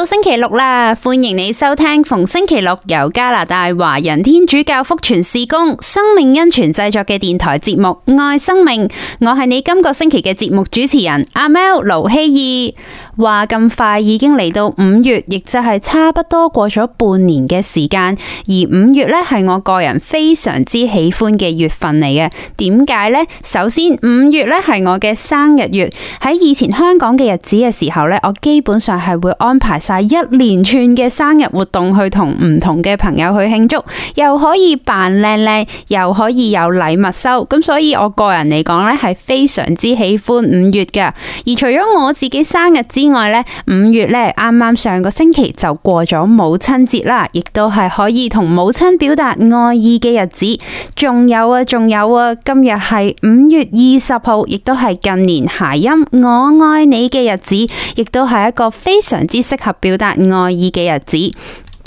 到星期六啦，歡迎你收聽逢星期六由加拿大華人天主教福傳事工生命恩泉製作嘅電台節目《愛生命》，我係你今個星期嘅節目主持人阿 Mel 盧希義。話咁快已經嚟到五月，亦就係差不多過咗半年嘅時間。而五月咧係我個人非常之喜歡嘅月份嚟嘅。點解咧？首先五月咧係我嘅生日月。喺以前香港嘅日子嘅時候咧，我基本上係會安排晒一連串嘅生日活動去同唔同嘅朋友去慶祝，又可以扮靚靚，又可以有禮物收。咁所以我個人嚟講咧係非常之喜歡五月嘅。而除咗我自己生日之另外咧，五月咧，啱啱上個星期就過咗母親節啦，亦都係可以同母親表達愛意嘅日子。仲有啊，仲有啊，今日係五月二十號，亦都係近年諧音我愛你嘅日子，亦都係一個非常之適合表達愛意嘅日子。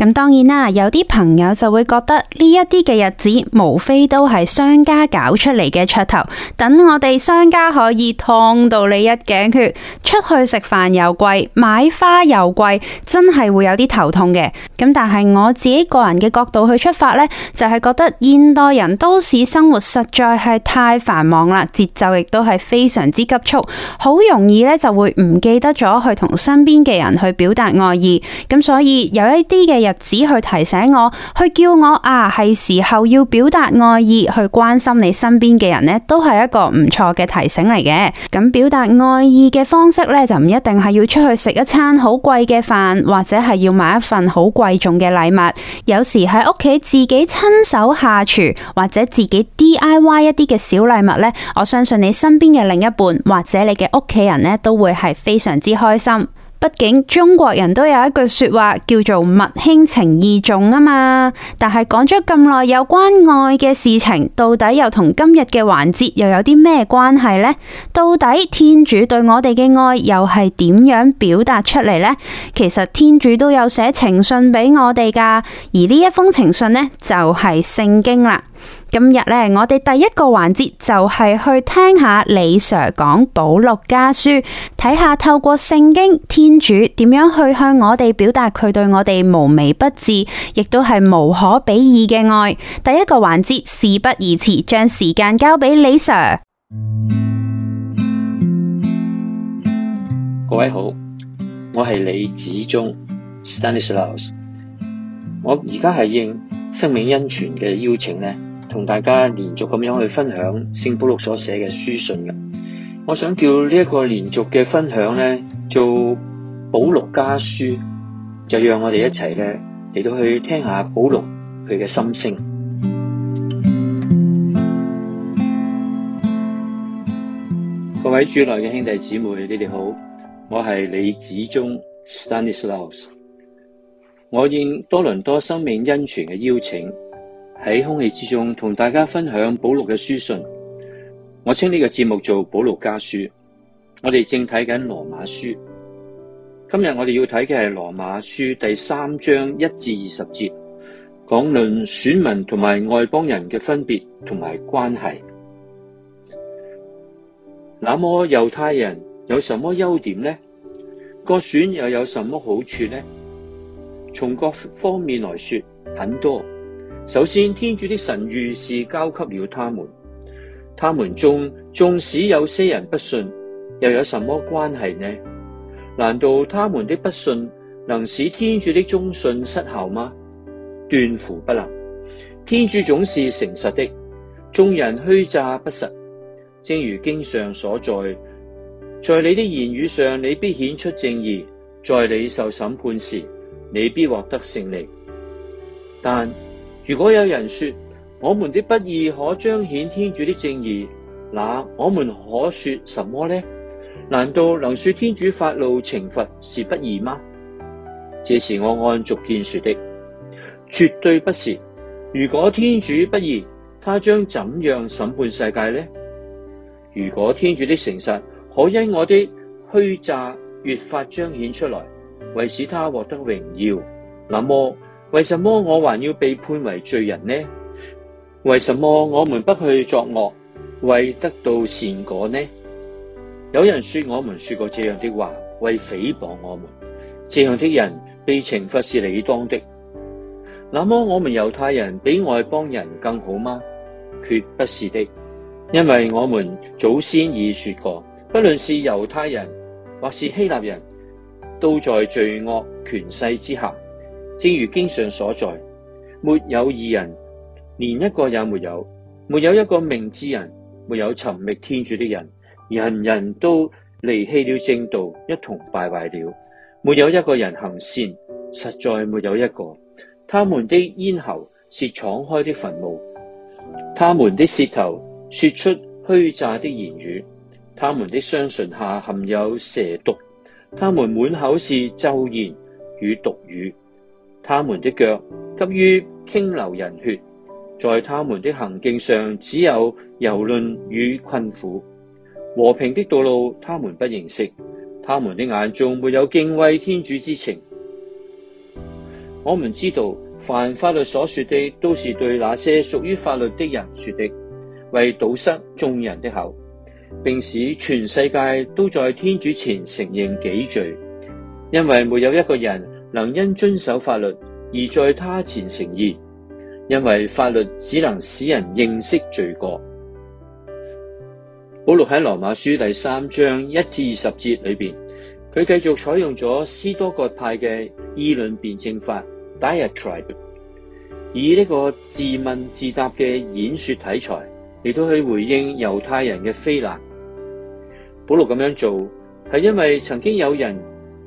咁當然啦，有啲朋友就會覺得呢一啲嘅日子，無非都係商家搞出嚟嘅噱頭，等我哋商家可以燙到你一頸血。出去食飯又貴，買花又貴，真係會有啲頭痛嘅。咁但係我自己個人嘅角度去出發咧，就係、是、覺得現代人都市生活實在係太繁忙啦，節奏亦都係非常之急促，好容易咧就會唔記得咗去同身邊嘅人去表達愛意。咁所以有一啲嘅日。只去提醒我，去叫我啊，係時候要表達愛意，去關心你身邊嘅人咧，都係一個唔錯嘅提醒嚟嘅。咁表達愛意嘅方式咧，就唔一定係要出去食一餐好貴嘅飯，或者係要買一份好貴重嘅禮物。有時喺屋企自己親手下廚，或者自己 DIY 一啲嘅小禮物咧，我相信你身邊嘅另一半或者你嘅屋企人咧，都會係非常之開心。畢竟中國人都有一句說話叫做“物輕情意重”啊嘛，但係講咗咁耐有關愛嘅事情，到底又同今日嘅環節又有啲咩關係呢？到底天主對我哋嘅愛又係點樣表達出嚟呢？其實天主都有寫情信俾我哋噶，而呢一封情信呢，就係聖經啦。今日咧，我哋第一個環節就係去聽下李 Sir 講《保祿家書》，睇下透過聖經，天主點樣去向我哋表達佢對我哋無微不至，亦都係無可比擬嘅愛。第一個環節，事不宜遲，將時間交俾李 Sir。各位好，我係李子忠 （Stanislaus），我而家係應生命恩泉嘅邀請呢，同大家連續咁樣去分享聖保祿所寫嘅書信嘅，我想叫呢一個連續嘅分享咧，做保祿家書，就讓我哋一齊咧嚟,到去聽下保祿佢嘅心聲。各位主內嘅兄弟姊妹，你哋好，我係李子忠 Stanislaus，我應多倫多生命恩泉嘅邀請，喺空氣之中同大家分享保祿嘅書信，我稱呢個節目做保祿家書。我哋正睇緊羅馬書，今日我哋要睇嘅係羅馬書第三章一至二十節，講論選民同埋外邦人嘅分別同埋關係。那麼猶太人有什麼優點呢？割損又有什麼好處呢？從各方面來說，很多。首先，天主的神諭是交給了他們，他們中縱使有些人不信，又有什麼關係呢？難道他們的不信能使天主的忠信失效嗎？斷乎不能。天主總是誠實的，眾人虛詐不實。正如經上所在，在你的言語上，你必顯出正義；在你受審判時，你必獲得勝利。但如果有人說我們的不義可彰顯天主的正義，那我們可說什麼呢？難道能說天主發怒懲罰是不義嗎？這是我按俗見說的，絕對不是。如果天主不義，他將怎樣審判世界呢？如果天主的誠實可因我的虛詐越發彰顯出來，為使他獲得榮耀，那麼，為什麼我還要被判為罪人呢？為什麼我們不去作惡，為得到善果呢？有人說我們說過這樣的話，為誹謗我們。這樣的人被懲罰是理當的。那麼我們猶太人比外邦人更好嗎？決不是的，因為我們祖先已說過，不論是猶太人或是希臘人，都在罪惡權勢之下。正如經上所在，沒有義人，連一個也沒有；沒有一個明智人，沒有尋覓天主的人，人人都離棄了正道，一同敗壞了。沒有一個人行善，實在沒有一個。他們的咽喉是敞開的墳墓，他們的舌頭說出虛詐的言語，他們的雙唇下含有蛇毒，他們滿口是咒言與毒語。他們的腳急於傾流人血，在他們的行徑上只有蹂躪與困苦。和平的道路，他們不認識。他們的眼中沒有敬畏天主之情。我們知道，凡法律所說的，都是對那些屬於法律的人說的，為堵塞眾人的口，並使全世界都在天主前承認己罪，因為沒有一個人。能因遵守法律而在他前成義，因為法律只能使人認識罪過。保羅喺羅馬書第三章一至二十節裏邊，佢繼續採用咗斯多葛派嘅議論辯證法 Diatribe，以呢個自問自答嘅演說題材嚟到去回應猶太人嘅非難。保羅咁樣做係因為曾經有人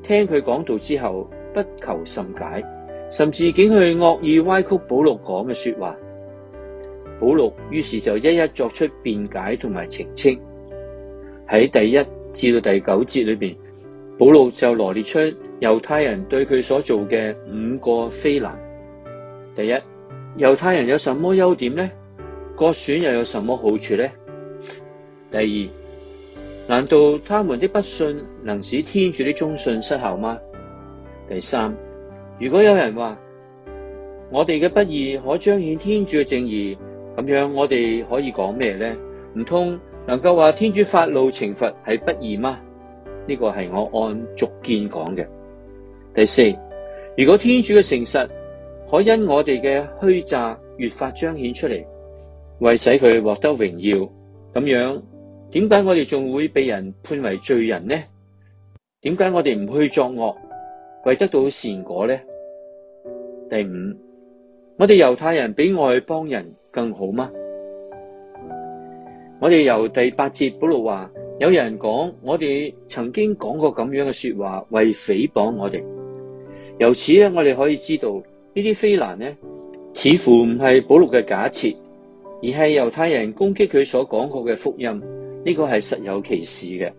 聽佢講道之後。不求甚解，甚至竟去惡意歪曲保祿講嘅說話。保祿於是就一一作出辯解同埋澄清。喺第一至到第九節裏邊，保祿就羅列出猶太人對佢所做嘅五個非難。第一，猶太人有什麼優點呢？割損又有什麼好處呢？第二，難道他們的不信能使天主的忠信失效嗎？第三，如果有人話我哋嘅不義可彰顯天主嘅正義，咁樣我哋可以講咩咧？唔通能夠話天主發怒懲罰係不義嗎？呢個係我按俗見講嘅。第四，如果天主嘅誠實可因我哋嘅虛詐越發彰顯出嚟，為使佢獲得榮耀，咁樣點解我哋仲會被人判為罪人呢？點解我哋唔去作惡？為得到善果咧？第五，我哋猶太人比外邦人更好嗎？我哋由第八節保祿話，有人講我哋曾經講過咁樣嘅說話，為誹謗我哋。由此咧，我哋可以知道呢啲非難呢，似乎唔係保祿嘅假設，而係猶太人攻擊佢所講過嘅福音。呢、這個係實有其事嘅。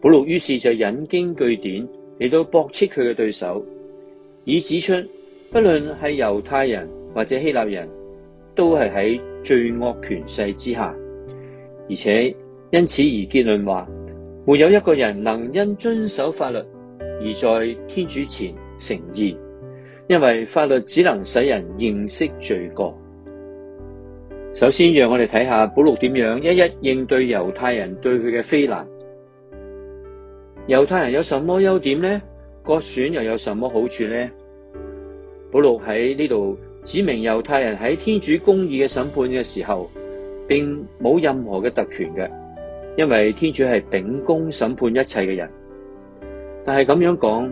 保祿於是就引經據典。嚟到駁斥佢嘅對手，以指出不論係猶太人或者希臘人，都係喺罪惡權勢之下，而且因此而結論話，沒有一個人能因遵守法律而在天主前成義，因為法律只能使人認識罪過。首先，讓我哋睇下保祿點樣一一應對猶太人對佢嘅非難。猶太人有什麼優點呢？割損又有什麼好處呢？保祿喺呢度指明猶太人喺天主公義嘅審判嘅時候，並冇任何嘅特權嘅，因為天主係秉公審判一切嘅人。但係咁樣講，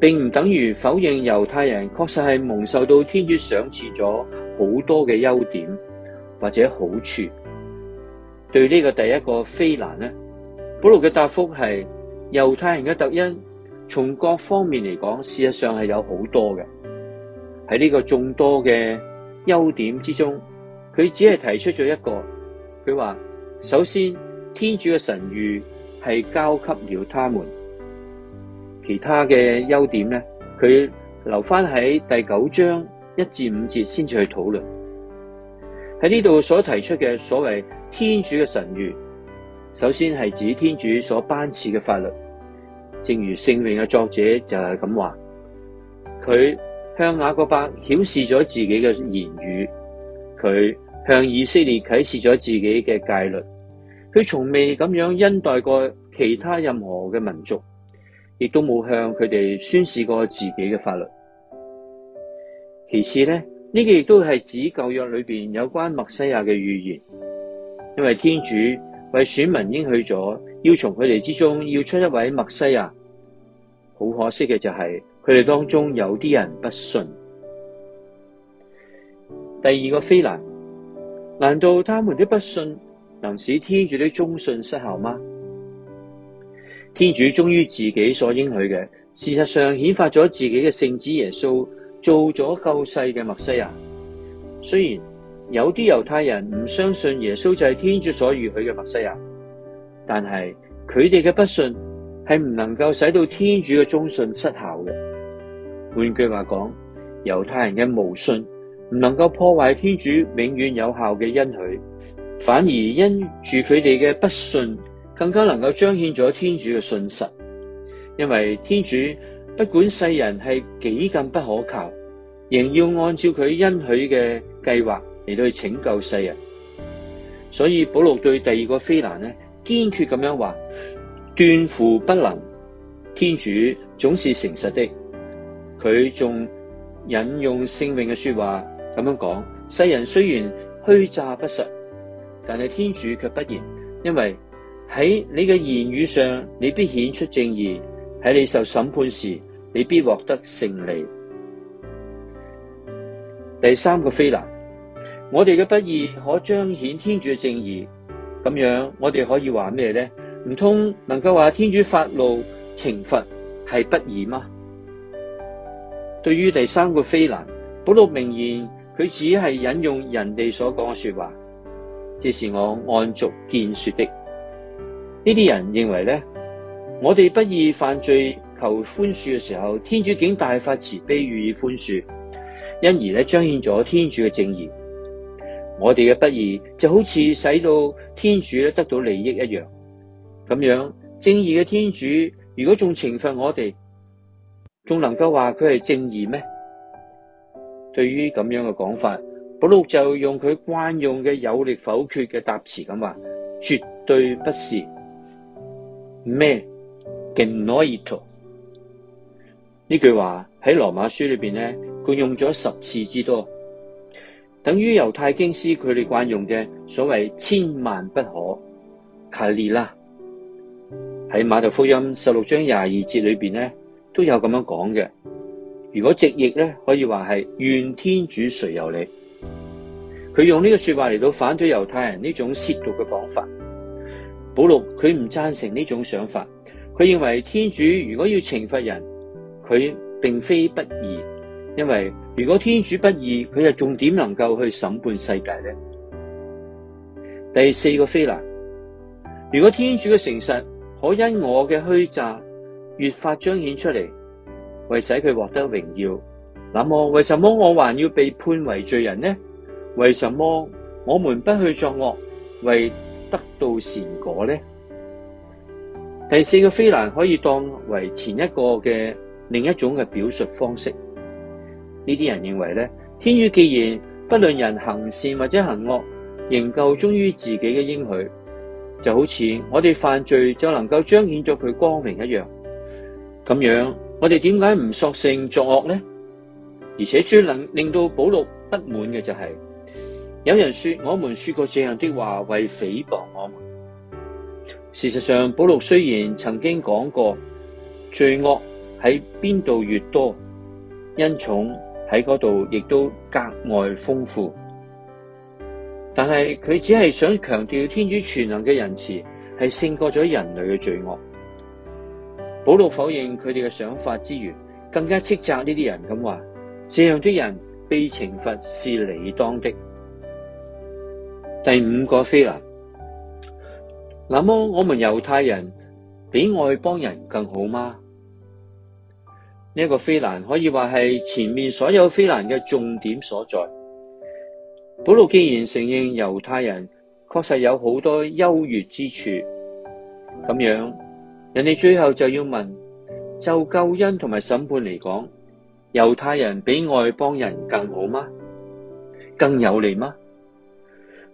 並唔等於否認猶太人確實係蒙受到天主賞賜咗好多嘅優點或者好處。對呢個第一個非難呢，保祿嘅答覆係。猶太人嘅特因，從各方面嚟講，事實上係有好多嘅。喺呢個眾多嘅優點之中，佢只係提出咗一個。佢話：首先，天主嘅神諭係交給了他們。其他嘅優點咧，佢留翻喺第九章一至五節先至去討論。喺呢度所提出嘅所謂天主嘅神諭。首先係指天主所頒賜嘅法律，正如聖命嘅作者就係咁話，佢向雅各伯顯示咗自己嘅言語，佢向以色列啟示咗自己嘅戒律，佢從未咁樣恩待過其他任何嘅民族，亦都冇向佢哋宣示過自己嘅法律。其次呢，呢個亦都係指舊約裏邊有關默西亞嘅預言，因為天主。為選民應許咗，要從佢哋之中要出一位默西亞。好可惜嘅就係、是，佢哋當中有啲人不信。第二個非難，難道他們的不信能使天主的忠信失效嗎？天主忠於自己所應許嘅，事實上顯發咗自己嘅聖子耶穌，做咗救世嘅默西亞。雖然。有啲猶太人唔相信耶穌就係天主所預許嘅默西亞。但係佢哋嘅不信係唔能夠使到天主嘅忠信失效嘅。換句話講，猶太人嘅無信唔能夠破壞天主永遠有效嘅恩許，反而因住佢哋嘅不信更加能夠彰顯咗天主嘅信實。因為天主不管世人係幾咁不可靠，仍要按照佢恩許嘅計劃。嚟到去拯救世人，所以保祿對第二個非難呢，堅決咁樣話斷乎不能。天主總是誠實的，佢仲引用聖詠嘅說話咁樣講：世人雖然虛詐不實，但係天主却不然，因為喺你嘅言語上，你必顯出正義；喺你受審判時，你必獲得勝利。第三個非難。我哋嘅不義可彰顯天主嘅正義，咁樣我哋可以話咩咧？唔通能夠話天主發怒、懲罰係不義嗎？對於第三個非難，保祿明言佢只係引用人哋所講嘅說話，這是我按俗見說的。呢啲人認為咧，我哋不義犯罪求寬恕嘅時候，天主竟大發慈悲予以寬恕，因而咧彰顯咗天主嘅正義。我哋嘅不義就好似使到天主咧得到利益一樣咁樣，正義嘅天主如果仲懲罰我哋，仲能夠話佢係正義咩？對於咁樣嘅講法，保祿就用佢慣用嘅有力否決嘅答詞咁話：絕對不是咩 genoito 呢句話喺羅馬書裏邊咧，佢用咗十次之多。等於猶太經師佢哋慣用嘅所謂千萬不可卡列啦，喺瑪竇福音十六章廿二節裏邊咧都有咁樣講嘅。如果直譯咧，可以話係願天主垂佑你。佢用呢個說話嚟到反對猶太人呢種褻瀆嘅講法。保祿佢唔贊成呢種想法，佢認為天主如果要懲罰人，佢並非不義。因為如果天主不義，佢又仲點能夠去審判世界呢？第四個非難：如果天主嘅誠實可因我嘅虛詐越發彰顯出嚟，為使佢獲得榮耀，那麼為什麼我還要被判為罪人呢？為什麼我們不去作惡，為得到善果呢？第四個非難可以當為前一個嘅另一種嘅表述方式。呢啲人認為咧，天主既然不論人行善或者行惡，仍夠忠於自己嘅應許，就好似我哋犯罪就能夠彰顯咗佢光明一樣。咁樣，我哋點解唔索性作惡呢？而且最能令到保祿不滿嘅就係、是，有人說我們說過這樣的話為誹謗我們。事實上，保祿雖然曾經講過，罪惡喺邊度越多，恩寵。喺嗰度亦都格外豐富，但係佢只係想強調天主全能嘅仁慈係勝過咗人類嘅罪惡。保祿否認佢哋嘅想法之餘，更加斥責呢啲人咁話：這樣的人被懲罰是理當的。第五個非難，那麼我們猶太人比外邦人更好嗎？呢一個非難可以話係前面所有非難嘅重點所在。保羅既然承認猶太人確實有好多優越之處，咁樣人哋最後就要問：就救恩同埋審判嚟講，猶太人比外邦人更好嗎？更有利嗎？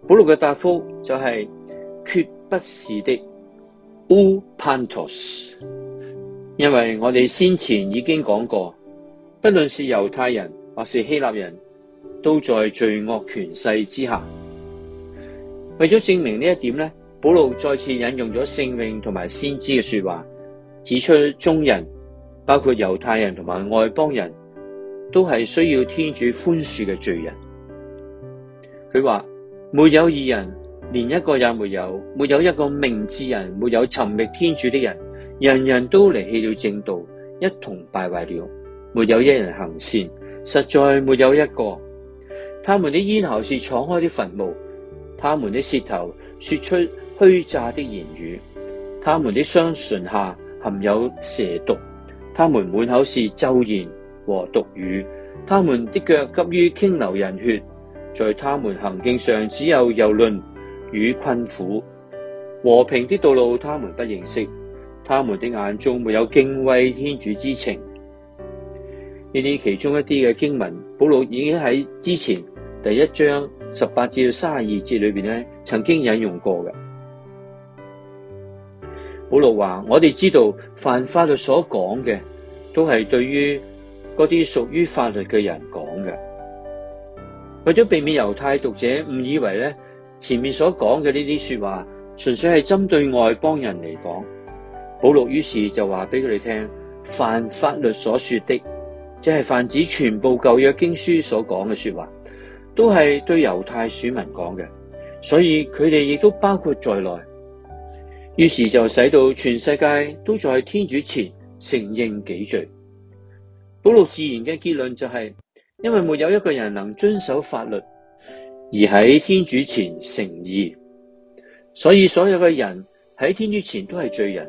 保羅嘅答覆就係、是：決不是的，ou pantos。因為我哋先前已經講過，不論是猶太人或是希臘人，都在罪惡權勢之下。為咗證明呢一點呢，保羅再次引用咗聖命同埋先知嘅說話，指出眾人，包括猶太人同埋外邦人，都係需要天主寬恕嘅罪人。佢話沒有義人，連一個也沒有，沒有一個明智人，沒有尋覓天主的人。人人都離棄了正道，一同敗壞了，沒有一人行善，實在沒有一個。他們的咽喉是敞開的墳墓，他們的舌頭說出虛詐的言語，他們的雙唇下含有蛇毒，他們滿口是咒言和毒語，他們的腳急於傾流人血，在他們行徑上只有蹂躪與困苦，和平的道路他們不認識。他們的眼中沒有敬畏天主之情。呢啲其中一啲嘅經文，保祿已經喺之前第一章十八至到卅二節裏邊咧，曾經引用過嘅。保祿話：我哋知道，犯法律所講嘅，都係對於嗰啲屬於法律嘅人講嘅。為咗避免猶太讀者誤以為咧，前面所講嘅呢啲說話，純粹係針對外邦人嚟講。保祿於是就話俾佢哋聽，凡法律所說的，即係泛指全部舊約經書所講嘅說話，都係對猶太選民講嘅，所以佢哋亦都包括在內。於是就使到全世界都在天主前承認己罪。保祿自然嘅結論就係、是，因為沒有一個人能遵守法律而喺天主前成義，所以所有嘅人喺天主前都係罪人。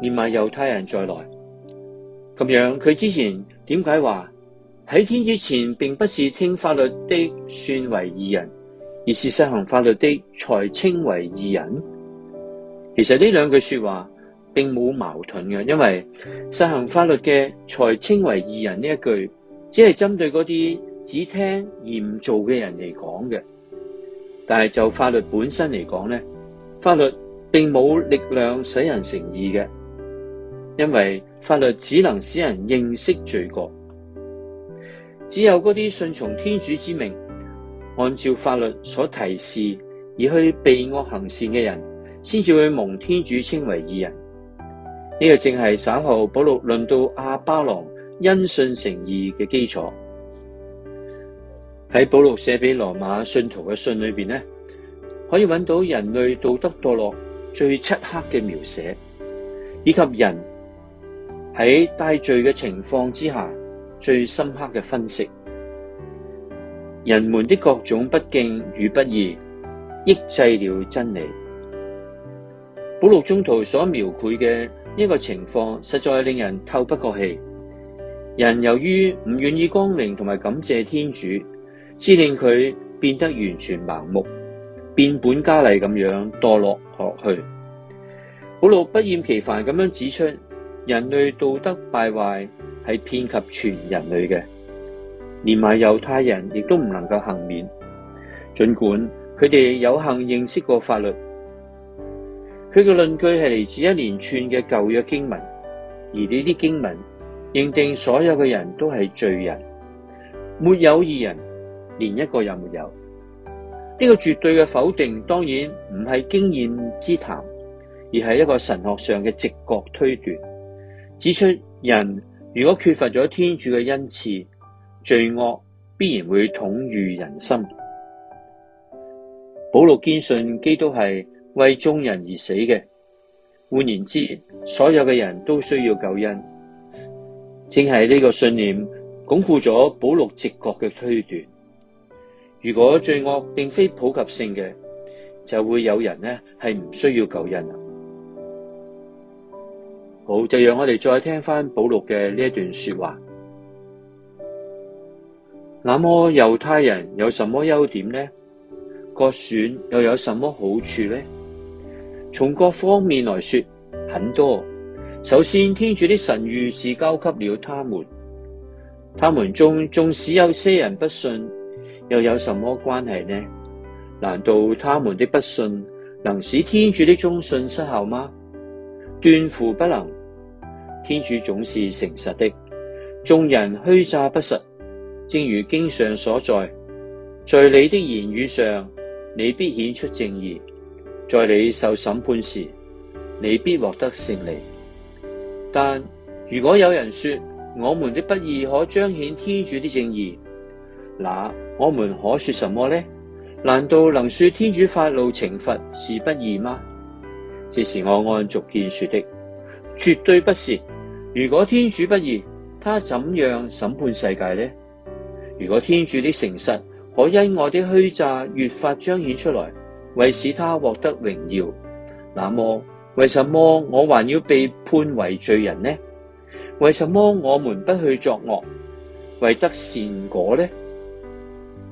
連埋猶太人再來咁樣。佢之前點解話喺天主前並不是聽法律的算為義人，而是實行法律的才稱為義人？其實呢兩句說話並冇矛盾嘅，因為實行法律嘅才稱為義人呢一句，只係針對嗰啲只聽而唔做嘅人嚟講嘅。但係就法律本身嚟講咧，法律並冇力量使人成義嘅。因為法律只能使人認識罪過，只有嗰啲順從天主之命，按照法律所提示而去避惡行善嘅人，先至會蒙天主稱為義人。呢、這個正係稍後保祿論到亞巴郎因信成義嘅基礎。喺保祿寫俾羅馬信徒嘅信裏邊咧，可以揾到人類道德墮落最漆黑嘅描寫，以及人。喺帶罪嘅情況之下，最深刻嘅分析，人們的各種不敬與不義，抑制了真理。保祿中途所描繪嘅呢個情況，實在令人透不過氣。人由於唔願意光榮同埋感謝天主，致令佢變得完全盲目，變本加厲咁樣墮落落去。保祿不厭其煩咁樣指出。人類道德敗壞係遍及全人類嘅，連埋猶太人亦都唔能夠幸免。盡管佢哋有幸認識過法律，佢嘅論據係嚟自一連串嘅舊約經文，而呢啲經文認定所有嘅人都係罪人，沒有義人，連一個也沒有。呢、這個絕對嘅否定當然唔係經驗之談，而係一個神學上嘅直覺推斷。指出人如果缺乏咗天主嘅恩賜，罪惡必然會統御人心。保祿堅信基督係為眾人而死嘅，換言之言，所有嘅人都需要救恩。正係呢個信念鞏固咗保祿直覺嘅推斷。如果罪惡並非普及性嘅，就會有人咧係唔需要救恩。好，就讓我哋再聽翻保祿嘅呢一段說話。那麼猶太人有什麼優點呢？割損又有什麼好處呢？從各方面來說，很多。首先，天主的神諭是交給了他們，他們中縱，縱使有些人不信，又有什麼關係呢？難道他們的不信能使天主的忠信失效嗎？斷乎不能。天主總是誠實的，眾人虛詐不實，正如經上所在。在你的言語上，你必顯出正義；在你受審判時，你必獲得勝利。但如果有人說我們的不義可彰顯天主的正義，那我們可說什麼呢？難道能說天主發怒懲罰是不義嗎？這是我按俗見說的，絕對不是。如果天主不義，他怎樣審判世界呢？如果天主的誠實可因我的虛詐越發彰顯出來，為使他獲得榮耀，那麼為什麼我還要被判為罪人呢？為什麼我們不去作惡，為得善果呢？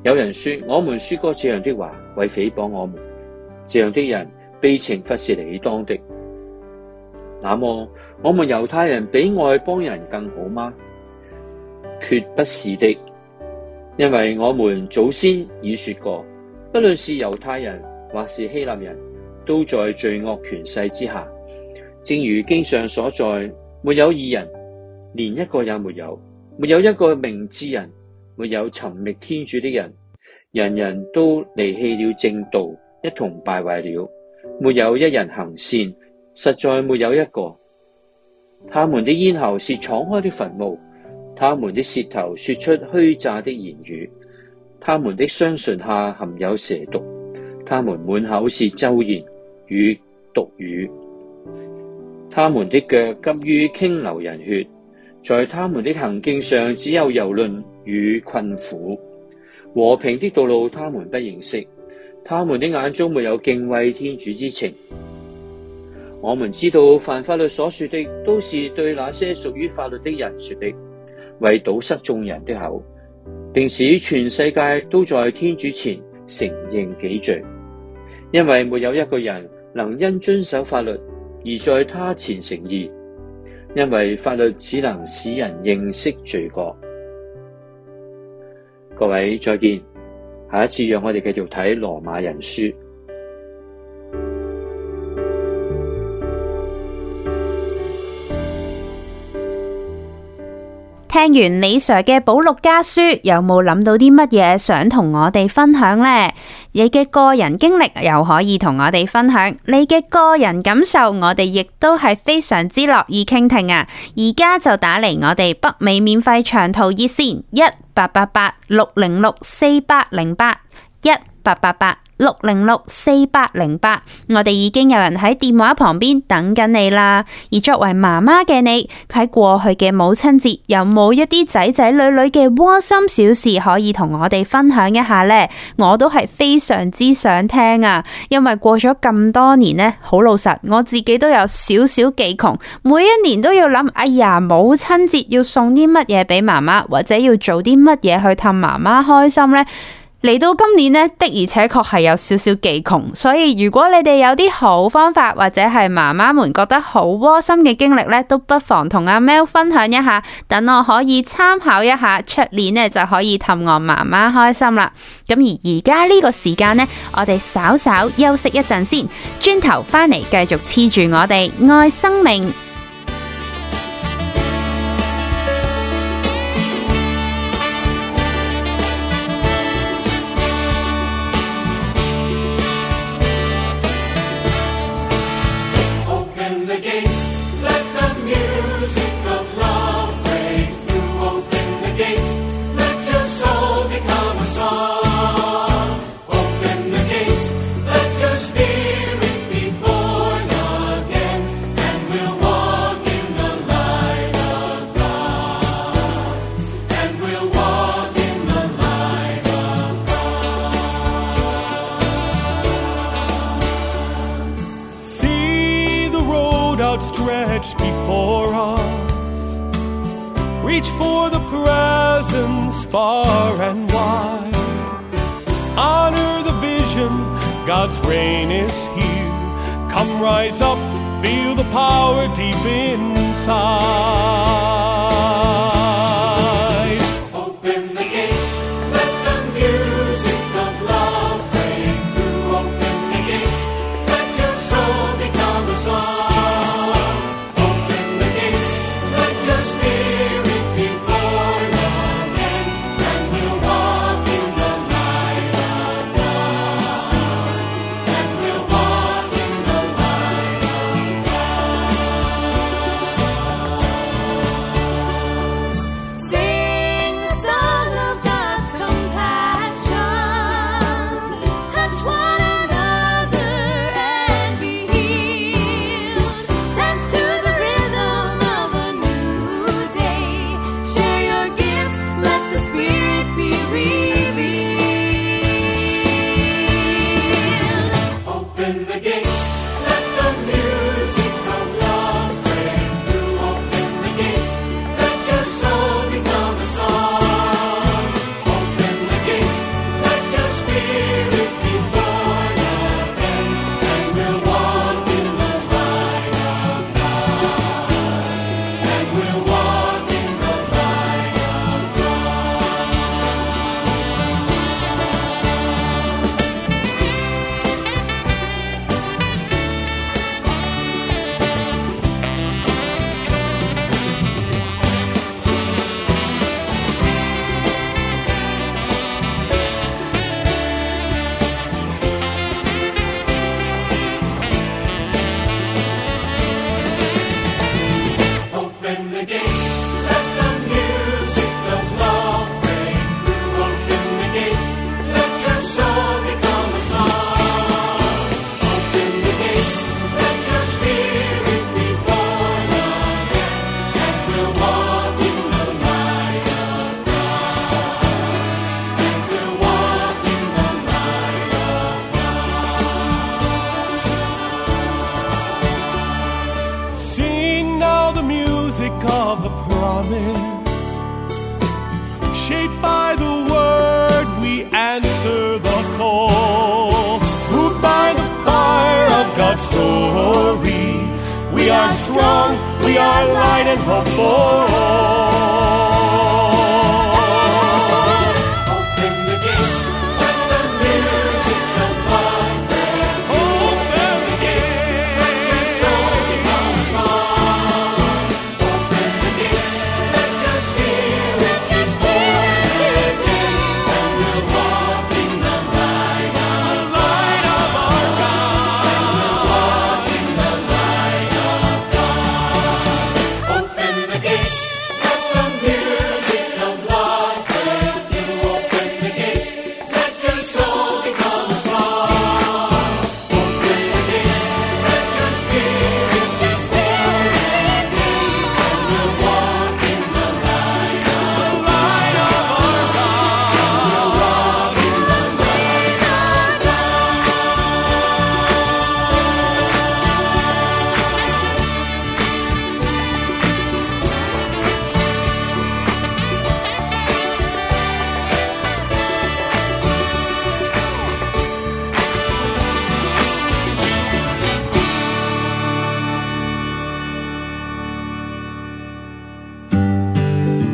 有人說我們說過這樣的話，為誹謗我們，這樣的人被懲罰是理當的。那麼？我們猶太人比外邦人更好嗎？決不是的，因為我們祖先已說過，不論是猶太人或是希臘人，都在罪惡權勢之下。正如經上所載，沒有義人，連一個也沒有，沒有一個明智人，沒有尋覓天主的人，人人都離棄了正道，一同敗壞了，沒有一人行善，實在沒有一個。他們的咽喉是敞開的墳墓，他們的舌頭說出虛詐的言語，他們的雙唇下含有蛇毒，他們滿口是咒言與毒語，他們的腳急於傾流人血，在他們的行徑上只有遊論與困苦，和平的道路他們不認識，他們的眼中沒有敬畏天主之情。我們知道，凡法律所說的都是對那些屬於法律的人說的，為堵塞眾人的口，並使全世界都在天主前承認己罪。因為沒有一個人能因遵守法律而在他前成義，因為法律只能使人認識罪過。各位再見，下一次讓我哋繼續睇羅馬人書。聽完李 Sir 嘅保祿家書，有冇諗到啲乜嘢想同我哋分享呢？你嘅個人經歷又可以同我哋分享，你嘅個人感受，我哋亦都係非常之樂意傾聽啊！而家就打嚟我哋北美免費長途熱線一八八八六零六四八零八一。八八八六零六四八零八，8，我哋已經有人喺電話旁邊等緊你啦。而作為媽媽嘅你，喺過去嘅母親節有冇一啲仔仔女女嘅窩心小事可以同我哋分享一下呢？我都係非常之想聽啊！因為過咗咁多年呢，好老實，我自己都有少少技窮，每一年都要諗，哎呀，母親節要送啲乜嘢俾媽媽，或者要做啲乜嘢去氹媽媽開心呢？嚟到今年呢，的而且確係有少少技窮，所以如果你哋有啲好方法，或者係媽媽們覺得好窩心嘅經歷呢，都不妨同阿喵分享一下，等我可以參考一下出年呢就可以氹我媽媽開心啦。咁而而家呢個時間呢，我哋稍稍休息一陣先，轉頭返嚟繼續黐住我哋愛生命。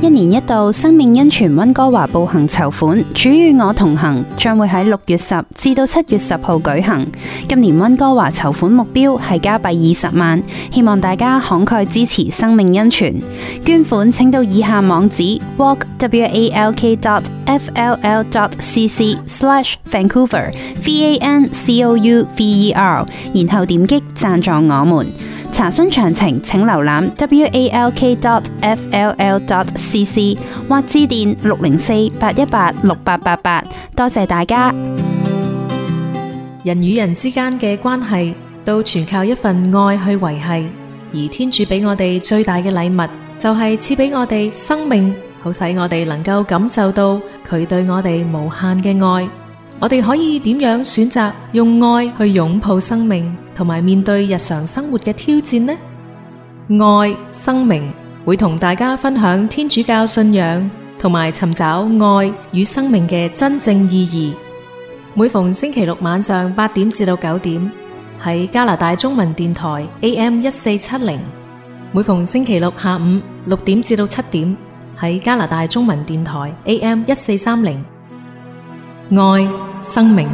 一年一度生命恩泉溫哥華步行籌款，主與我同行將會喺六月十至到七月十號舉行。今年溫哥華籌款目標係加幣二十萬，希望大家慷慨支持生命恩泉。捐款請到以下網址 walkw a l k dot f l l dot c c slash vancouver v a n c o u v e r，然後點擊贊助我們。查詢詳情，請瀏覽 walk.dot.fll.dot.cc 或致電六零四八一八六八八八。多謝大家。人與人之間嘅關係，都全靠一份愛去維繫。而天主俾我哋最大嘅禮物，就係賜俾我哋生命，好使我哋能夠感受到佢對我哋無限嘅愛。我哋可以點樣選擇用愛去擁抱生命？同埋面對日常生活嘅挑戰呢？愛生命會同大家分享天主教信仰同埋尋找愛與生命嘅真正意義。每逢星期六晚上八點至到九點喺加拿大中文電台 AM 一四七零；每逢星期六下午六點至到七點喺加拿大中文電台 AM 一四三零。愛生命。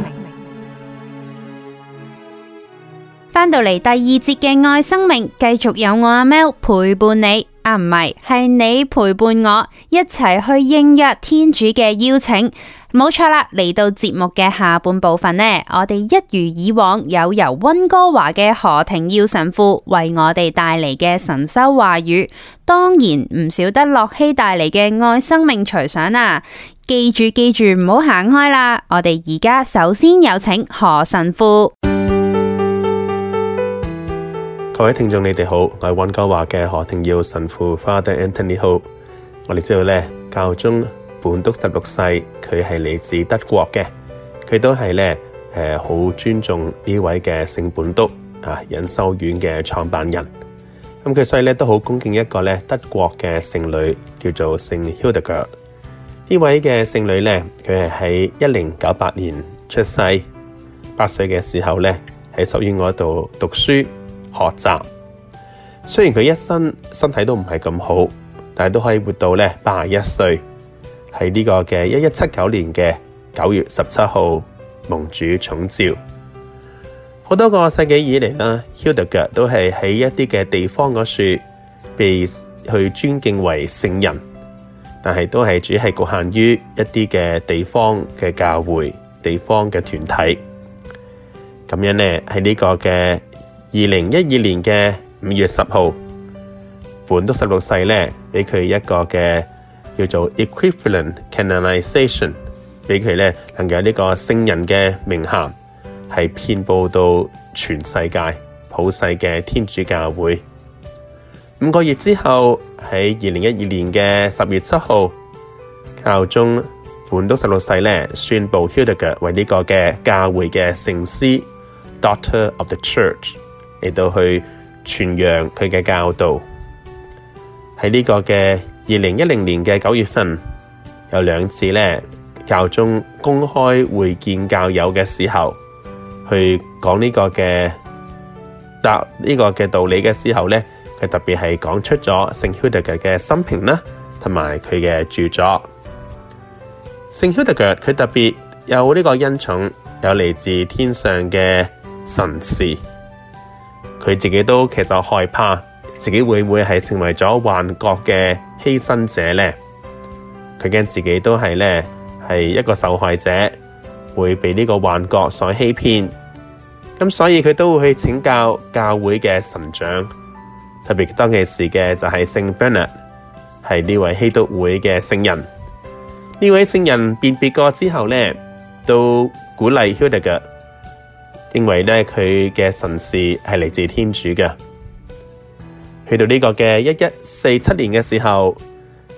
返到嚟第二節嘅愛生命，繼續有我阿、啊、喵陪伴你啊，唔係，係你陪伴我一齊去應約天主嘅邀請，冇錯啦。嚟到節目嘅下半部分呢，我哋一如以往有由溫哥華嘅何庭耀神父為我哋帶嚟嘅神修話語，當然唔少得駱曦帶嚟嘅愛生命隨想啦。記住記住，唔好行開啦。我哋而家首先有請何神父。各位聽眾，你哋好，我係溫哥華嘅何庭耀神父 Father Anthony Ho。我哋知道呢，教宗本篤十六世，佢係嚟自德國嘅，佢都係呢誒，好、呃、尊重呢位嘅聖本篤、啊，隱修院嘅創辦人。咁、啊、佢所以咧都好恭敬一個呢德國嘅聖女叫做聖 Hildegard。呢位嘅聖女呢，佢係喺一零九八年出世，八歲嘅時候咧喺修院嗰度讀書。學習。雖然佢一生身體都唔係咁好，但係都可以活到咧八十一歲。喺呢個嘅一一七九年嘅九月十七號，蒙主寵召。好多個世紀以嚟啦，Hildegard 都係喺一啲嘅地方嗰度被去尊敬為聖人，但係都係只係局限於一啲嘅地方嘅教會、地方嘅團體。咁樣咧喺呢個嘅。二零一二年嘅五月十號，本督十六世呢俾佢一個嘅叫做 equivalent c a n o n i z a t i o n 俾佢呢能夠呢個聖人嘅名銜，係遍布到全世界普世嘅天主教會。五個月之後，喺二零一二年嘅十月七號，教宗本督十六世呢宣布 Hildege a r d 為呢個嘅教會嘅聖師 Daughter of the Church。嚟到去傳揚佢嘅教導，喺呢個嘅二零一零年嘅九月份，有兩次咧教宗公開會見教友嘅時候，去講呢個嘅答呢、這個嘅道理嘅時候咧，佢特別係講出咗聖 Hildegard 嘅生平啦，同埋佢嘅著作。聖 Hildegard 佢特別有呢個恩寵，有嚟自天上嘅神示。佢自己都其實害怕，自己會唔會係成為咗幻覺嘅犧牲者咧？佢驚自己都係咧係一個受害者，會被呢個幻覺所欺騙。咁所以佢都會去請教教會嘅神長，特別當其時嘅就係聖 Bernard，係呢位熙篤會嘅聖人。呢位聖人辨別過之後咧，都鼓勵 Hildegard 嘅。認為咧佢嘅神視係嚟自天主嘅，去到呢個嘅一一四七年嘅時候，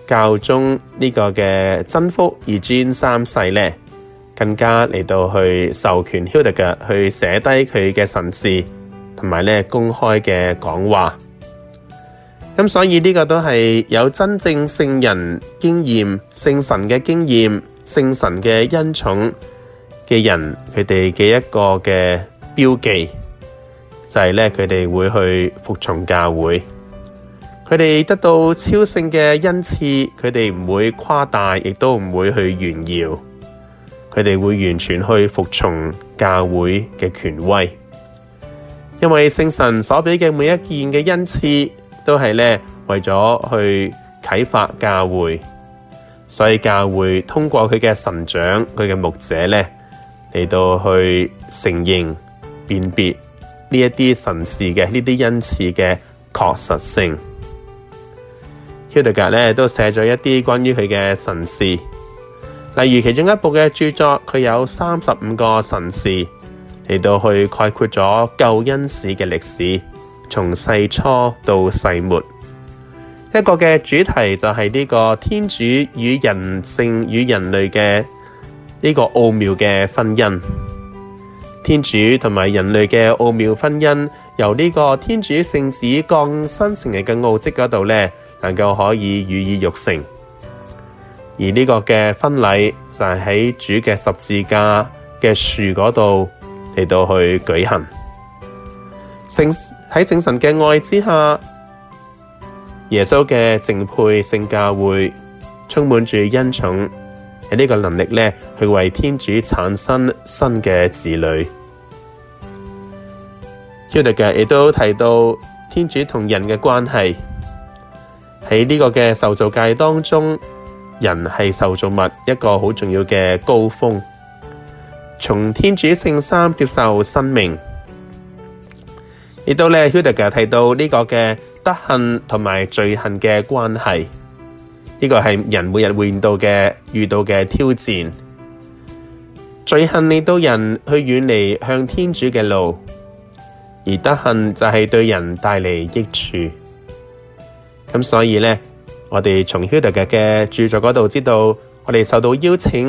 教宗呢個嘅真福恩仁三世咧，更加嚟到去授權 Hildegard 去寫低佢嘅神視，同埋咧公開嘅講話。咁所以呢個都係有真正聖人經驗、聖神嘅經驗、聖神嘅恩寵嘅人，佢哋嘅一個嘅標記就係咧，佢哋會去服從教會。佢哋得到超性嘅恩賜，佢哋唔會誇大，亦都唔會去炫耀。佢哋會完全去服從教會嘅權威，因為聖神所俾嘅每一件嘅恩賜都係咧為咗去啟發教會。所以教會通過佢嘅神長，佢嘅牧者咧。嚟到去承認辨別呢一啲神視嘅呢啲恩賜嘅確實性。Hildegard 都寫咗一啲關於佢嘅神視，例如其中一部嘅著作，佢有三十五個神視嚟到去概括咗救恩史嘅歷史，從世初到世末。一個嘅主題就係呢個天主與人性與人類嘅。呢個奧妙嘅婚姻，天主同埋人類嘅奧妙婚姻，由呢個天主聖子降生成日嘅奧蹟嗰度咧，能夠可以予以完成。而呢個嘅婚禮就係喺主嘅十字架嘅樹嗰度嚟到去舉行。聖喺聖神嘅愛之下，耶穌嘅淨配聖教會充滿住恩寵。喺呢個能力咧，去為天主產生新嘅子女。Hildegard 亦都提到天主同人嘅關係喺呢個嘅受造界當中，人係受造物一個好重要嘅高峰，從天主聖三接受生命。亦都咧，Hildegard 提到呢個嘅德行同埋罪行嘅關係。呢個係人每日會遇到嘅遇到嘅挑戰，最恨你到人去遠離向天主嘅路，而德行就係對人帶嚟益處。咁所以呢，我哋從休特嘅嘅著作嗰度知道，我哋受到邀請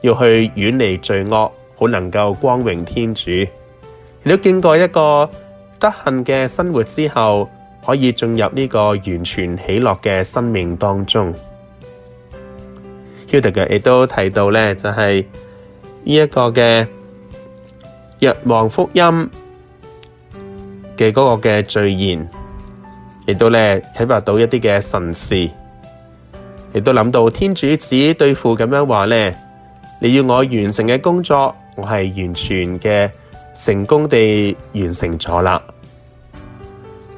要去遠離罪惡，好能夠光榮天主。亦都經過一個德行嘅生活之後。可以進入呢個完全喜樂嘅生命當中。Hildegard 亦都提到呢就係呢一個嘅若望福音嘅嗰個嘅序言，亦都呢，啟發到一啲嘅神事，亦都諗到天主子對父咁樣話呢，你要我完成嘅工作，我係完全嘅成功地完成咗啦。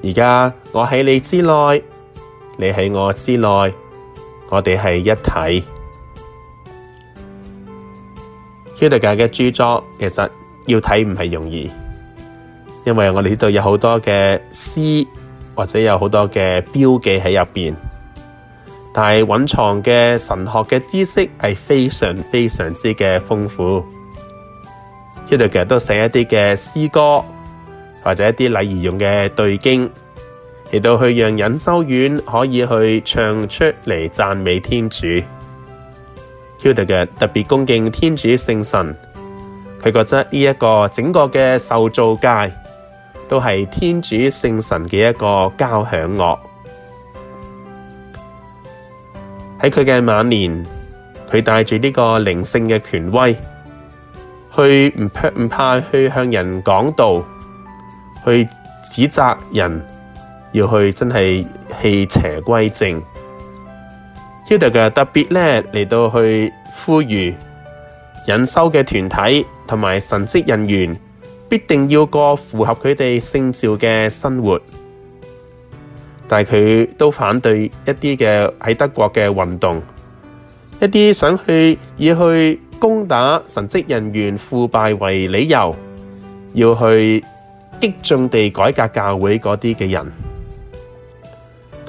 而家我喺你之內，你喺我之內，我哋係一體。Hildegarde 嘅著作其實要睇唔係容易，因為我哋呢度有好多嘅詩或者有好多嘅標記喺入邊，但係蘊藏嘅神學嘅知識係非常非常之嘅豐富。Hildegarde 都寫一啲嘅詩歌。或者一啲禮儀用嘅對經，嚟到去讓隱修院可以去唱出嚟讚美天主。Hilda 嘅特別恭敬天主聖神，佢覺得呢一個整個嘅受造界都係天主聖神嘅一個交響樂。喺佢嘅晚年，佢帶住呢個靈性嘅權威，去唔怕唔怕去向人講道。去指責人，要去真係棄邪歸正。Hilda 嘅特別咧嚟到去呼籲隱修嘅團體同埋神職人員必定要過符合佢哋聖召嘅生活，但係佢都反對一啲嘅喺德國嘅運動，一啲想去以去攻打神職人員腐敗為理由要去。激進地改革教會嗰啲嘅人，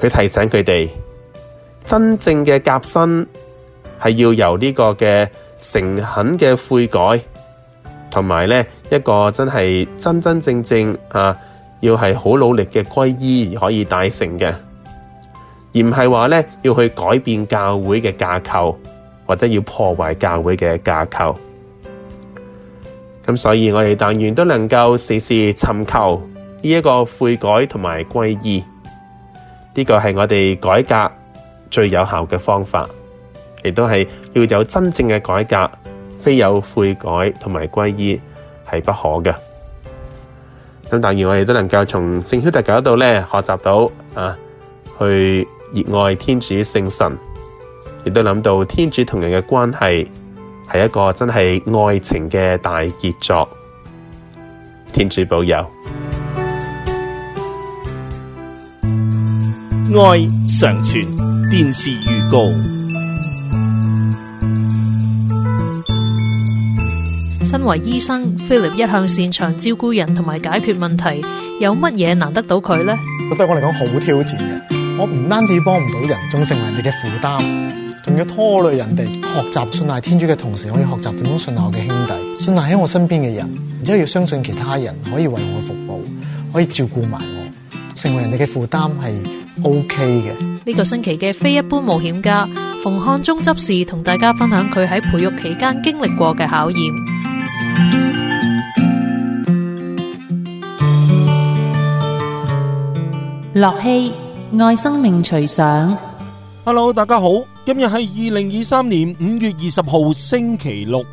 佢提醒佢哋，真正嘅革新係要由呢個嘅誠懇嘅悔改，同埋咧一個真係真真正正啊，要係好努力嘅皈依而可以大成嘅，而唔係話咧要去改變教會嘅架構，或者要破壞教會嘅架構。咁所以，我哋但願都能夠時時尋求呢一個悔改同埋歸依，呢個係我哋改革最有效嘅方法，亦都係要有真正嘅改革，非有悔改同埋歸依係不可嘅。咁但願我哋都能夠從聖肖大教度咧學習到啊，去熱愛天主聖神，亦都諗到天主同人嘅關係。係一個真係愛情嘅大傑作，天主保佑，愛常傳。電視預告。身為醫生 ，Philip 一向擅長照顧人同埋解決問題，有乜嘢難得到佢呢？我對我，我嚟講好挑戰嘅。我唔單止幫唔到人，仲成為你嘅負擔，仲要拖累人哋。學習信賴天主嘅同時，可以學習點樣信賴我嘅兄弟，信賴喺我身邊嘅人，然之後要相信其他人可以為我服務，可以照顧埋我，成為人哋嘅負擔係 OK 嘅。呢個星期嘅非一般冒險家馮漢中執事同大家分享佢喺培育期間經歷過嘅考驗。駱曦愛生命隨想，Hello，大家好。今日係二零二三年五月二十號星期六，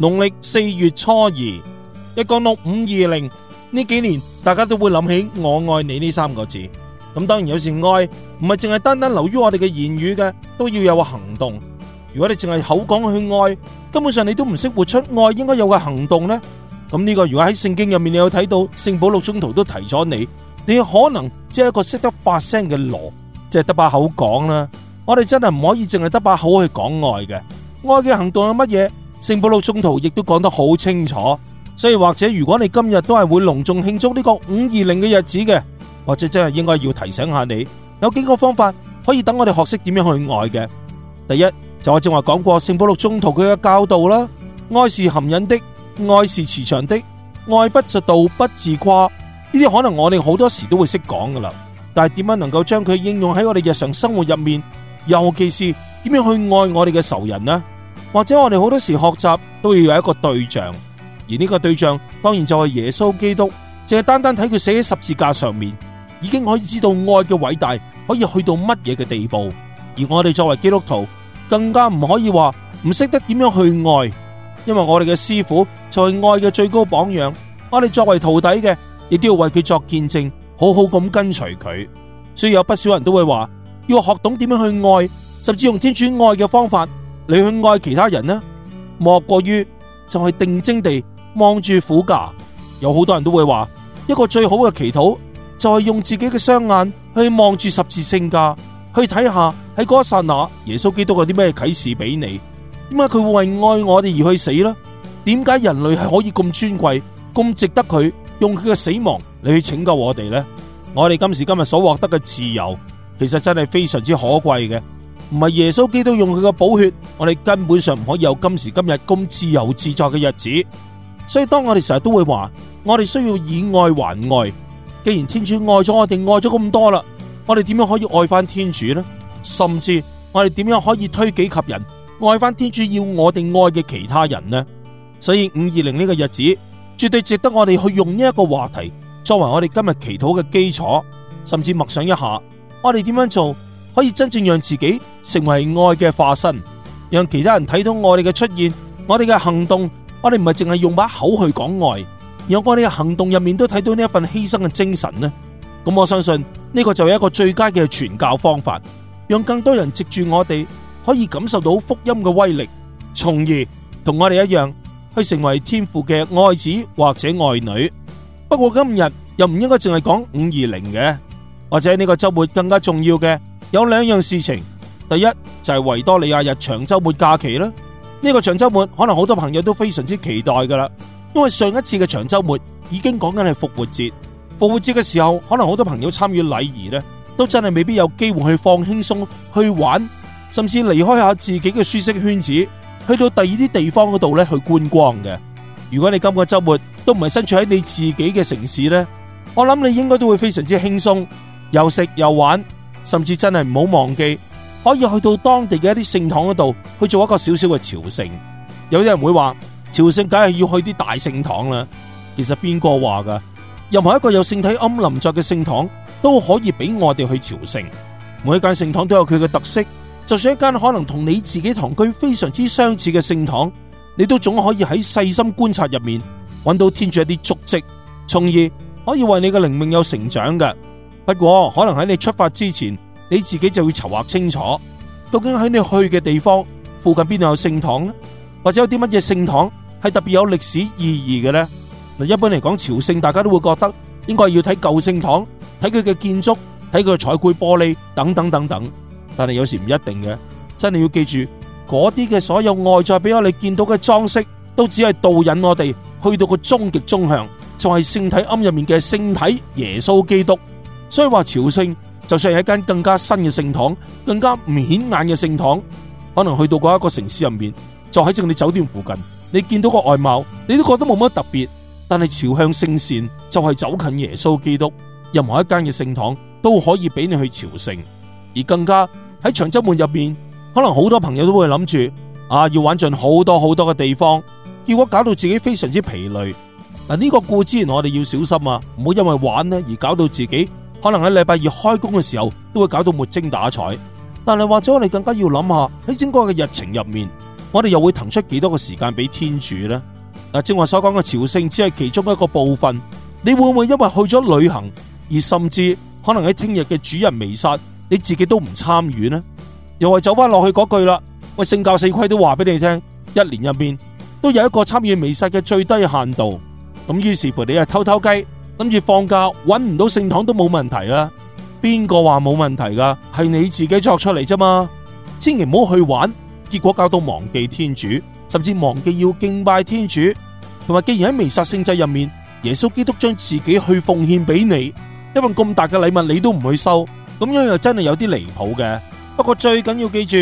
農曆四月初二，一個六五二零。呢幾年，大家都會諗起我愛你呢三個字。咁當然有時愛唔係淨係單單流於我哋嘅言語嘅，都要有個行動。如果你淨係口講去愛，根本上你都唔識活出愛應該有個行動咧。咁、這、呢個如果喺聖經入面，你有睇到聖保禄中途都提咗你，你可能只係一個識得發聲嘅羅，即係得把口講啦。我哋真係唔可以淨係得把口去講愛嘅。愛嘅行動係乜嘢？聖保祿宗徒亦都講得好清楚，所以或者如果你今日都係會隆重慶祝呢個五二零嘅日子嘅，或者真係應該要提醒下你，有幾個方法可以等我哋學識點樣去愛嘅。第一就我正話講過，聖保祿宗徒佢嘅教導啦，愛是含忍的，愛是慈祥的，愛不就道不自誇呢啲，可能我哋好多時都會識講噶啦，但係點樣能夠將佢應用喺我哋日常生活入面？尤其是點樣去愛我哋嘅仇人呢？或者我哋好多時學習都要有一個對象，而呢個對象當然就係耶穌基督。淨係單單睇佢死喺十字架上面，已經可以知道愛嘅偉大，可以去到乜嘢嘅地步。而我哋作為基督徒，更加唔可以話唔識得點樣去愛，因為我哋嘅師傅就係愛嘅最高榜樣。我哋作為徒弟嘅，亦都要為佢作見證，好好咁跟隨佢。所以有不少人都會話：要學懂點樣去愛，甚至用天主愛嘅方法，你去愛其他人呢？莫過於就係定睛地望住苦架。有好多人都會話，一個最好嘅祈禱就係用自己嘅雙眼去望住十字聖架，去睇下喺嗰一剎那，耶穌基督有啲咩啟示俾你？點解佢會為愛我哋而去死呢？點解人類係可以咁尊貴、咁值得佢用佢嘅死亡嚟去拯救我哋呢？我哋今時今日所獲得嘅自由，其實真係非常之可貴嘅，唔係耶穌基督用佢嘅寶血，我哋根本上唔可以有今時今日咁自由自在嘅日子。所以當我哋成日都會話，我哋需要以愛還愛。既然天主愛咗我哋，愛咗咁多啦，我哋點樣可以愛翻天主呢？甚至我哋點樣可以推己及人，愛翻天主要我哋愛嘅其他人呢？所以五二零呢個日子絕對值得我哋去用呢一個話題作為我哋今日祈禱嘅基礎，甚至默想一下。我哋點樣做可以真正讓自己成為愛嘅化身，讓其他人睇到我哋嘅出現，我哋嘅行動，我哋唔係淨係用把口去講愛，而我哋嘅行動入面都睇到呢一份犧牲嘅精神呢？咁我相信呢個就係一個最佳嘅傳教方法，讓更多人藉住我哋可以感受到福音嘅威力，從而同我哋一樣去成為天父嘅愛子或者愛女。不過今日又唔應該淨係講五二零嘅。或者呢個周末更加重要嘅有兩樣事情，第一就係維多利亞日長周末假期啦。呢個長周末可能好多朋友都非常之期待噶啦，因為上一次嘅長周末已經講緊係復活節，復活節嘅時候可能好多朋友參與禮儀呢，都真係未必有機會去放輕鬆去玩，甚至離開下自己嘅舒適圈子，去到第二啲地方嗰度呢去觀光嘅。如果你今個周末都唔係身處喺你自己嘅城市呢，我諗你應該都會非常之輕鬆。又食又玩，甚至真係唔好忘記可以去到當地嘅一啲聖堂嗰度去做一個小小嘅朝聖。有啲人會話朝聖，梗係要去啲大聖堂啦。其實邊個話噶？任何一個有聖體暗臨在嘅聖堂都可以俾我哋去朝聖。每一間聖堂都有佢嘅特色，就算一間可能同你自己堂居非常之相似嘅聖堂，你都總可以喺細心觀察入面揾到天主一啲足跡，從而可以為你嘅靈命有成長嘅。不過可能喺你出發之前，你自己就要籌劃清楚，究竟喺你去嘅地方附近邊度有聖堂咧，或者有啲乜嘢聖堂係特別有歷史意義嘅咧？嗱，一般嚟講朝聖，大家都會覺得應該要睇舊聖堂，睇佢嘅建築，睇佢嘅彩繪玻璃，等等等等。但係有時唔一定嘅，真係要記住嗰啲嘅所有外在俾我哋見到嘅裝飾，都只係導引我哋去到個終極終向，就係聖體龕入面嘅聖體耶穌基督。所以話朝聖，就算係一間更加新嘅聖堂，更加唔顯眼嘅聖堂，可能去到嗰一個城市入面，就喺正你酒店附近，你見到個外貌，你都覺得冇乜特別。但係朝向聖線就係走近耶穌基督，任何一間嘅聖堂都可以俾你去朝聖。而更加喺長洲門入面，可能好多朋友都會諗住啊，要玩盡好多好多嘅地方，結果搞到自己非常之疲累。嗱，呢個故之然我哋要小心啊，唔好因為玩呢而搞到自己。可能喺禮拜二開工嘅時候都會搞到沒精打采，但係或者我哋更加要諗下喺整個嘅日程入面，我哋又會騰出幾多個時間俾天主呢？嗱、啊，正如我所講嘅朝聖只係其中一個部分，你會唔會因為去咗旅行而甚至可能喺聽日嘅主日彌撒，你自己都唔參與呢？又係走翻落去嗰句啦，喂，聖教四規都話俾你聽，一年入面都有一個參與彌撒嘅最低限度，咁於是乎你係偷偷雞。諗住放假搵唔到聖堂都冇問題啦，邊個話冇問題噶？係你自己作出嚟啫嘛，千祈唔好去玩，結果搞到忘記天主，甚至忘記要敬拜天主。同埋，既然喺彌撒聖祭入面，耶穌基督將自己去奉獻俾你，一份咁大嘅禮物你都唔去收，咁樣又真係有啲離譜嘅。不過最緊要記住，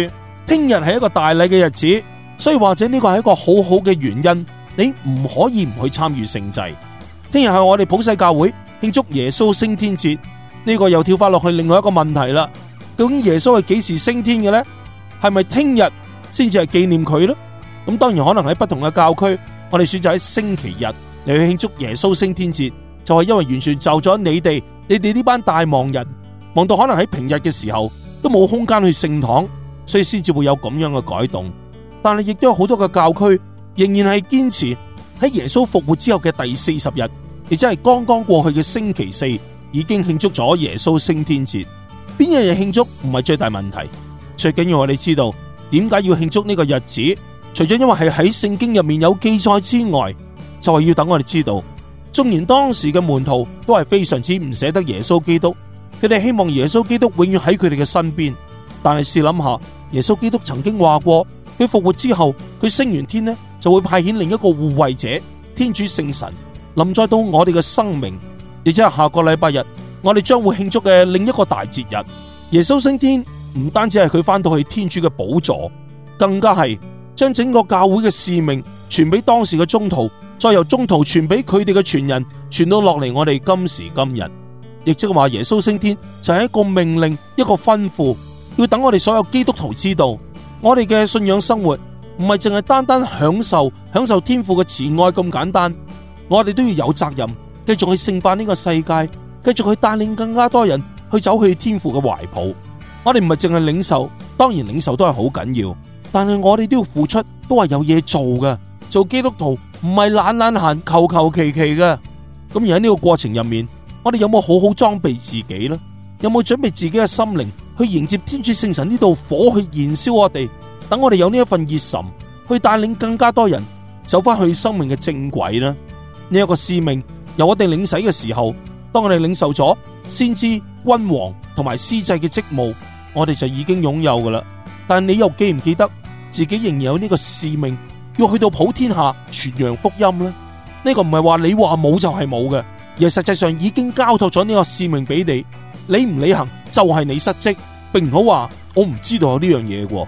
聽日係一個大禮嘅日子，所以或者呢個係一個好好嘅原因，你唔可以唔去參與聖祭。聽日係我哋普世教會慶祝耶穌升天節，呢個又跳翻落去另外一個問題啦。究竟耶穌係幾時升天嘅呢？係咪聽日先至係紀念佢呢？咁當然可能喺不同嘅教區，我哋選擇喺星期日嚟去慶祝耶穌升天節，就係因為完全就咗你哋，你哋呢班大忙人，忙到可能喺平日嘅時候都冇空間去聖堂，所以先至會有咁樣嘅改動。但係亦都有好多嘅教區仍然係堅持喺耶穌復活之後嘅第四十日。亦即係剛剛過去嘅星期四，已經慶祝咗耶穌升天節。邊一日慶祝唔係最大問題，最緊要我哋知道點解要慶祝呢個日子。除咗因為係喺聖經入面有記載之外，就係要等我哋知道。縱然當時嘅門徒都係非常之唔捨得耶穌基督，佢哋希望耶穌基督永遠喺佢哋嘅身邊。但係試諗下，耶穌基督曾經話過：佢復活之後，佢升完天呢，就會派遣另一個護慰者——天主聖神。臨再到我哋嘅生命，亦即係下個禮拜日，我哋將會慶祝嘅另一個大節日。耶穌升天唔單止係佢翻到去天主嘅寶座，更加係將整個教會嘅使命傳俾當時嘅宗徒，再由宗徒傳俾佢哋嘅傳人，傳到落嚟我哋今時今日。亦即係話耶穌升天就係一個命令，一個吩咐，要等我哋所有基督徒知道，我哋嘅信仰生活唔係淨係單單享受享受天父嘅慈愛咁簡單。我哋都要有責任，繼續去勝辦呢個世界，繼續去帶領更加多人去走去天父嘅懷抱。我哋唔係淨係領受，當然領受都係好緊要，但係我哋都要付出，都係有嘢做嘅。做基督徒唔係懶懶閒、求求其其嘅。咁而喺呢個過程入面，我哋有冇好好裝備自己呢？有冇準備自己嘅心靈去迎接天主聖神呢度火去燃燒我哋？等我哋有呢一份熱忱去帶領更加多人走翻去生命嘅正軌呢？呢一個使命由我哋領洗嘅時候，當我哋領受咗，先知君王同埋司祭嘅職務，我哋就已經擁有噶啦。但你又記唔記得自己仍然有呢個使命，要去到普天下傳揚福音呢？呢、呢個唔係話你話冇就係冇嘅，而實際上已經交託咗呢個使命俾你，你唔履行就係你失職，並唔好話我唔知道有呢樣嘢嘅，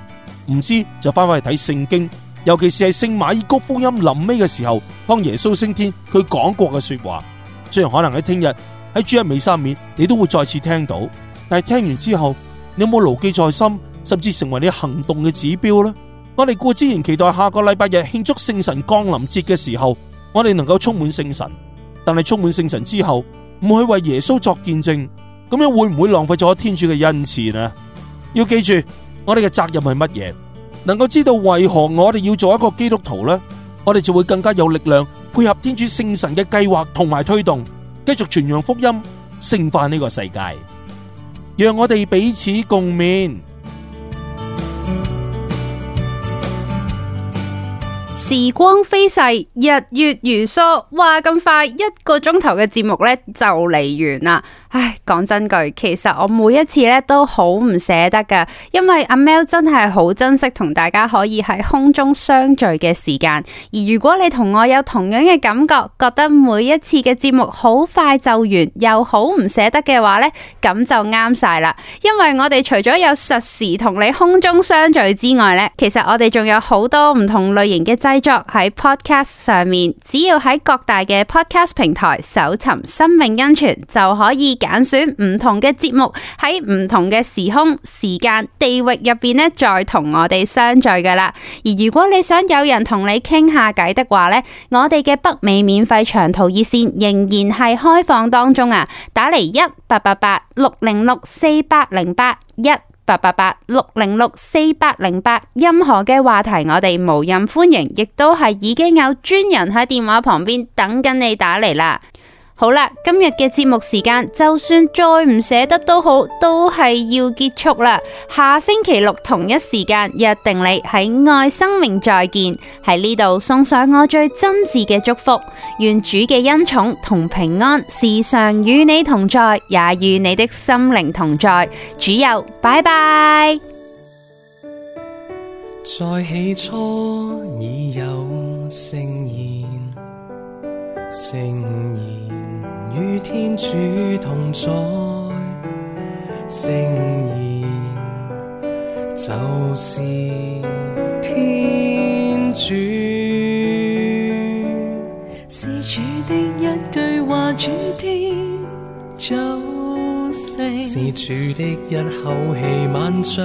唔知就翻返去睇聖經。尤其是係聖馬爾谷福音臨尾嘅時候，當耶穌升天，佢講過嘅說話，雖然可能喺聽日喺主日尾三面，你都會再次聽到，但係聽完之後，你有冇牢記在心，甚至成為你行動嘅指標呢？我哋固然期待下個禮拜日慶祝聖神降臨節嘅時候，我哋能夠充滿聖神，但係充滿聖神之後，唔去為耶穌作見證，咁樣會唔會浪費咗天主嘅恩賜呢？要記住，我哋嘅責任係乜嘢？能夠知道為何我哋要做一個基督徒呢，我哋就會更加有力量配合天主聖神嘅計劃同埋推動，繼續傳揚福音，勝翻呢個世界。讓我哋彼此共勉。時光飛逝，日月如梭，哇！咁快一個鐘頭嘅節目呢就嚟完啦。唉，講真句，其實我每一次咧都好唔捨得噶，因為阿 Mel 真係好珍惜同大家可以喺空中相聚嘅時間。而如果你同我有同樣嘅感覺，覺得每一次嘅節目好快就完，又好唔捨得嘅話呢，咁就啱晒啦。因為我哋除咗有實時同你空中相聚之外呢，其實我哋仲有好多唔同類型嘅製作喺 Podcast 上面，只要喺各大嘅 Podcast 平台搜尋《生命恩泉》就可以。揀選唔同嘅節目喺唔同嘅時空、時間、地域入邊呢，再同我哋相聚噶啦。而如果你想有人同你傾下偈的話呢，我哋嘅北美免費長途熱線仍然係開放當中啊！打嚟一八八八六零六四八零八，一八八八六零六四八零八，8, 8, 任何嘅話題我哋無任歡迎，亦都係已經有專人喺電話旁邊等緊你打嚟啦。好啦，今日嘅節目時間就算再唔捨得都好，都係要結束啦。下星期六同一時間，亦定你喺愛生命再見。喺呢度送上我最真摯嘅祝福，願主嘅恩寵同平安時常與你同在，也與你的心靈同在。主佑，拜拜。再起初已有聖言，盛言與天主同在，聖言就是天主。是主 的一句話，主天就。是主的一口氣萬丈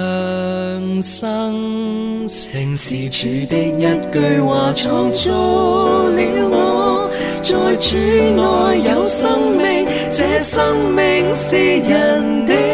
生情；是主的一句話創造了我。在主內有生命，這生命是人的。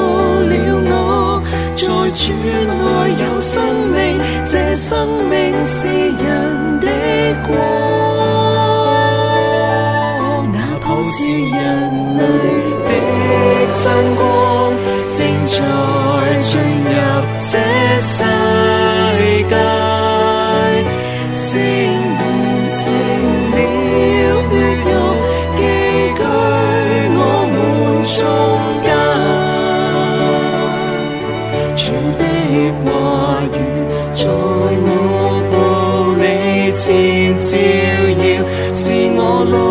照耀，是我路。